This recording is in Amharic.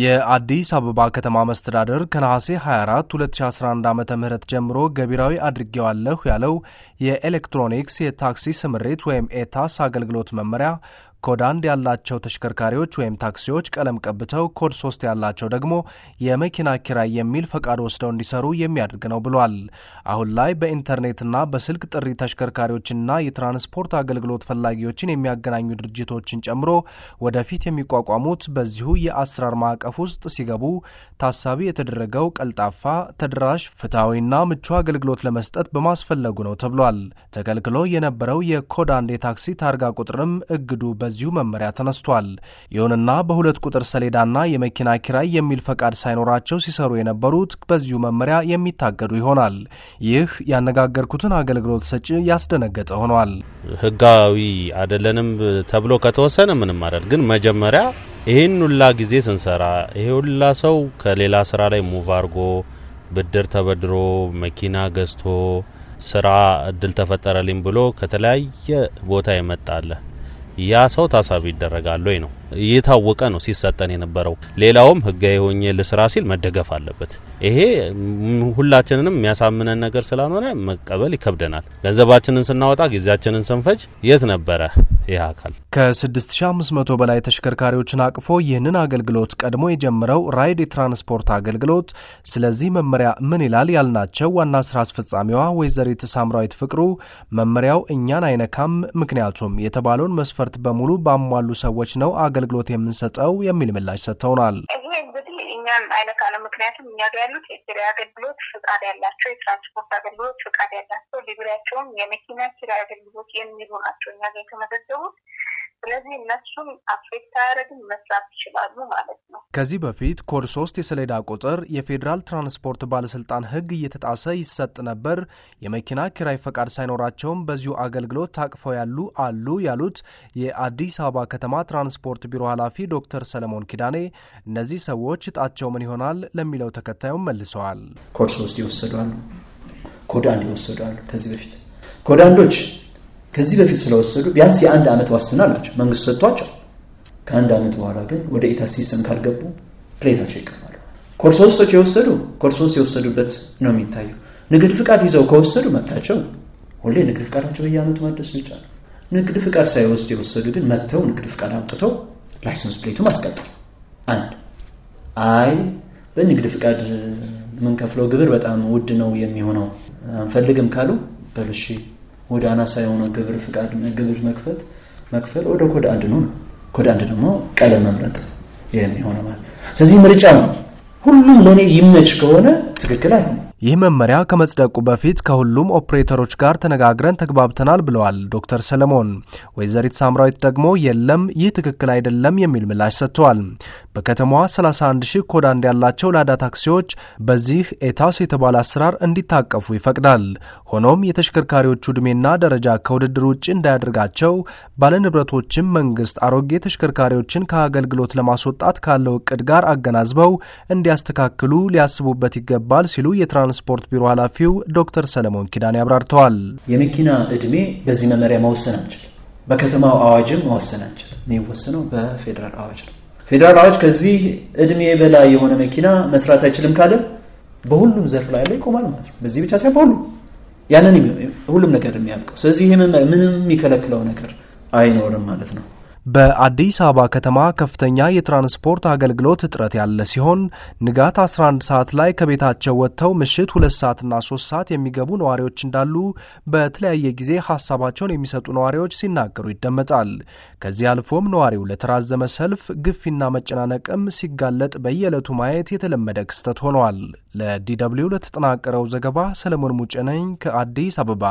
የአዲስ አበባ ከተማ መስተዳደር ከነሐሴ 24 2011 ዓ ም ጀምሮ ገቢራዊ አድርጌዋለሁ ያለው የኤሌክትሮኒክስ የታክሲ ስምሪት ወይም ኤታስ አገልግሎት መመሪያ ኮድ አንድ ያላቸው ተሽከርካሪዎች ወይም ታክሲዎች ቀለም ቀብተው ኮድ ሶስት ያላቸው ደግሞ የመኪና ኪራይ የሚል ፈቃድ ወስደው እንዲሰሩ የሚያደርግ ነው ብሏል። አሁን ላይ በኢንተርኔትና በስልክ ጥሪ ተሽከርካሪዎችና የትራንስፖርት አገልግሎት ፈላጊዎችን የሚያገናኙ ድርጅቶችን ጨምሮ ወደፊት የሚቋቋሙት በዚሁ የአሰራር ማዕቀፍ ውስጥ ሲገቡ ታሳቢ የተደረገው ቀልጣፋ፣ ተደራሽ፣ ፍትሐዊና ምቹ አገልግሎት ለመስጠት በማስፈለጉ ነው ተብሏል። ተከልክሎ የነበረው የኮድ አንድ የታክሲ ታርጋ ቁጥርም እግዱ በ ከዚሁ መመሪያ ተነስቷል። ይሁንና በሁለት ቁጥር ሰሌዳና የመኪና ኪራይ የሚል ፈቃድ ሳይኖራቸው ሲሰሩ የነበሩት በዚሁ መመሪያ የሚታገዱ ይሆናል። ይህ ያነጋገርኩትን አገልግሎት ሰጪ ያስደነገጠ ሆኗል። ህጋዊ አይደለንም ተብሎ ከተወሰነ ምንም አይደል፣ ግን መጀመሪያ ይህን ሁላ ጊዜ ስንሰራ ይሄ ሁላ ሰው ከሌላ ስራ ላይ ሙቭ አድርጎ ብድር ተበድሮ መኪና ገዝቶ ስራ እድል ተፈጠረልኝ ብሎ ከተለያየ ቦታ ይመጣለ ያ ሰው ታሳቢ ይደረጋል ወይ ነው እየታወቀ ነው ሲሰጠን የነበረው። ሌላውም ህጋዊ ሆኜ ልስራ ሲል መደገፍ አለበት። ይሄ ሁላችንንም የሚያሳምነን ነገር ስላልሆነ መቀበል ይከብደናል። ገንዘባችንን ስናወጣ፣ ጊዜያችንን ስንፈጅ የት ነበረ ይህ አካል? ከ6500 በላይ ተሽከርካሪዎችን አቅፎ ይህንን አገልግሎት ቀድሞ የጀመረው ራይድ የትራንስፖርት አገልግሎት ስለዚህ መመሪያ ምን ይላል ያልናቸው ዋና ስራ አስፈጻሚዋ ወይዘሪት ሳምራዊት ፍቅሩ መመሪያው እኛን አይነካም፣ ምክንያቱም የተባለውን መስፈርት በሙሉ ባሟሉ ሰዎች ነው አገ አገልግሎት የምንሰጠው የሚል ምላሽ ሰጥተውናል። ይሄ እንግዲህ እኛን ምክንያቱም እኛ ጋር ያሉት የኪራይ አገልግሎት ፍቃድ ያላቸው፣ የትራንስፖርት አገልግሎት ፍቃድ ያላቸው፣ ሊብሪያቸውም የመኪና ኪራይ አገልግሎት የሚሉ ናቸው እኛ ጋር የተመዘገቡት ስለዚህ እነሱም አፌክት አያደረግም መስራት ይችላሉ ማለት ነው። ከዚህ በፊት ኮድ ሶስት የሰሌዳ ቁጥር የፌዴራል ትራንስፖርት ባለስልጣን ህግ እየተጣሰ ይሰጥ ነበር። የመኪና ኪራይ ፈቃድ ሳይኖራቸውም በዚሁ አገልግሎት ታቅፈው ያሉ አሉ ያሉት የአዲስ አበባ ከተማ ትራንስፖርት ቢሮ ኃላፊ ዶክተር ሰለሞን ኪዳኔ እነዚህ ሰዎች እጣቸው ምን ይሆናል ለሚለው ተከታዩም መልሰዋል። ኮድ ሶስት ይወሰዷል፣ ኮድ አንድ ከዚህ በፊት ኮድ አንዶች ከዚህ በፊት ስለወሰዱ ቢያንስ የአንድ ዓመት ዋስትና አላቸው፣ መንግስት ሰጥቷቸው። ከአንድ ዓመት በኋላ ግን ወደ ኢታ ሲስተም ካልገቡ ፕሬታቸው ይቀማሉ። ኮርስ ውስጦች የወሰዱ ኮርስ ውስጥ የወሰዱበት ነው የሚታዩ ንግድ ፍቃድ ይዘው ከወሰዱ መብታቸው ሁሌ ንግድ ፍቃዳቸው በየአመቱ ማደስ ብቻ ነው። ንግድ ፍቃድ ሳይወስድ የወሰዱ ግን መጥተው ንግድ ፍቃድ አምጥተው ላይሰንስ ፕሌቱ ማስቀጠል። አንድ አይ በንግድ ፍቃድ የምንከፍለው ግብር በጣም ውድ ነው የሚሆነው አንፈልግም ካሉ በልሺ ወደ አናሳ የሆነ ግብር ፍቃድ ግብር መክፈት መክፈል ወደ ኮድ አንድ ነው ነው ኮድ አንድ ደግሞ ቀለም መምረጥ ይህም የሆነ ማለት ስለዚህ ምርጫ ነው ሁሉም ለእኔ ይመች ከሆነ ትክክል አይሆንም ይህ መመሪያ ከመጽደቁ በፊት ከሁሉም ኦፕሬተሮች ጋር ተነጋግረን ተግባብተናል ብለዋል ዶክተር ሰለሞን። ወይዘሪት ሳምራዊት ደግሞ የለም ይህ ትክክል አይደለም የሚል ምላሽ ሰጥተዋል። በከተማዋ 31 ሺህ ኮዳ ያላቸው ላዳ ታክሲዎች በዚህ ኤታስ የተባለ አሰራር እንዲታቀፉ ይፈቅዳል። ሆኖም የተሽከርካሪዎቹ ዕድሜና ደረጃ ከውድድር ውጭ እንዳያደርጋቸው ባለንብረቶችም መንግስት አሮጌ ተሽከርካሪዎችን ከአገልግሎት ለማስወጣት ካለው እቅድ ጋር አገናዝበው እንዲያስተካክሉ ሊያስቡበት ይገባል ሲሉ የትራ ትራንስፖርት ቢሮ ኃላፊው ዶክተር ሰለሞን ኪዳን ያብራርተዋል። የመኪና እድሜ በዚህ መመሪያ መወሰን አንችል፣ በከተማው አዋጅም መወሰን አንችል። የሚወሰነው በፌዴራል አዋጅ ነው። ፌዴራል አዋጅ ከዚህ እድሜ በላይ የሆነ መኪና መስራት አይችልም ካለ በሁሉም ዘርፍ ላይ ያለ ይቆማል ማለት ነው። በዚህ ብቻ ሳይሆን በሁሉም ያንን ሁሉም ነገር የሚያብቀው ስለዚህ ምንም የሚከለክለው ነገር አይኖርም ማለት ነው። በአዲስ አበባ ከተማ ከፍተኛ የትራንስፖርት አገልግሎት እጥረት ያለ ሲሆን ንጋት 11 ሰዓት ላይ ከቤታቸው ወጥተው ምሽት ሁለት ሰዓትና ሶስት ሰዓት የሚገቡ ነዋሪዎች እንዳሉ በተለያየ ጊዜ ሀሳባቸውን የሚሰጡ ነዋሪዎች ሲናገሩ ይደመጣል። ከዚህ አልፎም ነዋሪው ለተራዘመ ሰልፍ ግፊና መጨናነቅም ሲጋለጥ በየዕለቱ ማየት የተለመደ ክስተት ሆኗል። ለዲ ደብልዩ ለተጠናቀረው ዘገባ ሰለሞን ሙጬ ነኝ ከአዲስ አበባ።